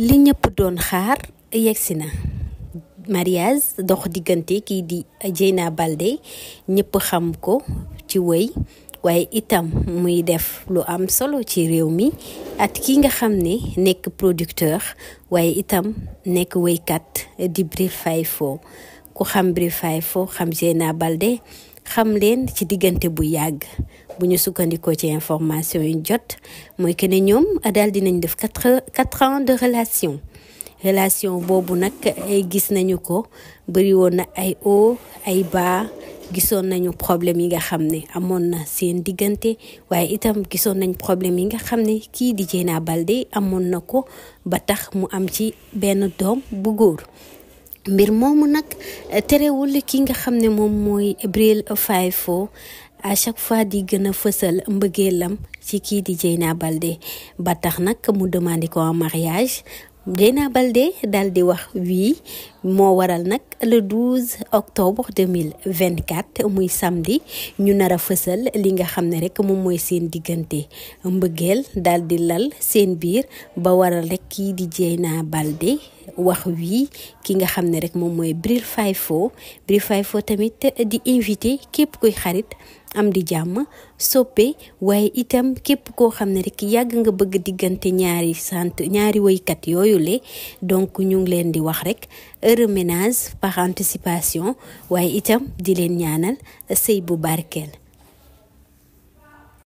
li ñëpp doon xaar yegsi na mariage dox diggante kii di na balde ñépp xam ko ci wëy waaye itam muy def lu am solo ci réew mi at ki nga xam ni nekk producteur waaye itam nekk wëykat di Bril Fayfo ku xam Bril Fayfo xam Dieyna balde xam leen ci diggante bu yàgg bu ñu sukkandikoo ci information yu jot mooy que ne ñoom daal dinañ def quatre quatre ans de relation relation boobu nag ay eh, gis nañu ko bëri na ay haut ay ba gisoon nañu problème yi nga xam ne amoon na seen diggante waaye itam gisoon nañ problème yi nga xam ne kii di Dieyna Baldé amoon na ko ba tax mu am ci benn doom bu góor mbir moomu nag eh, terewul ki nga xam ne moom mooy Bril Fayfo à chaque fois di gën a fësal mbëggeelam ci kii di Dieyna balde ba tax nag mu demandé ko en mariage Dieyna Baldé daal di wax wii moo waral nag le 12 octobre 2024 muy samdi ñu nar a fësal li nga xam ne rek moom mooy seen diggante mbëggeel daal di lal seen biir ba waral rek kii di Dieyna Baldé wax wii ki nga xam ne rek moom mooy Bril Fayfo Bril Fayfo tamit di invité képp kuy xarit am di jàmm soppe waaye itam képp koo xam ne rek yàgg nga bëgg diggante ñaari sant ñaari woykat yooyu le donc ñu ngi leen di wax rek heureux ménage par anticipation waaye itam di leen ñaanal sëy bu barkeel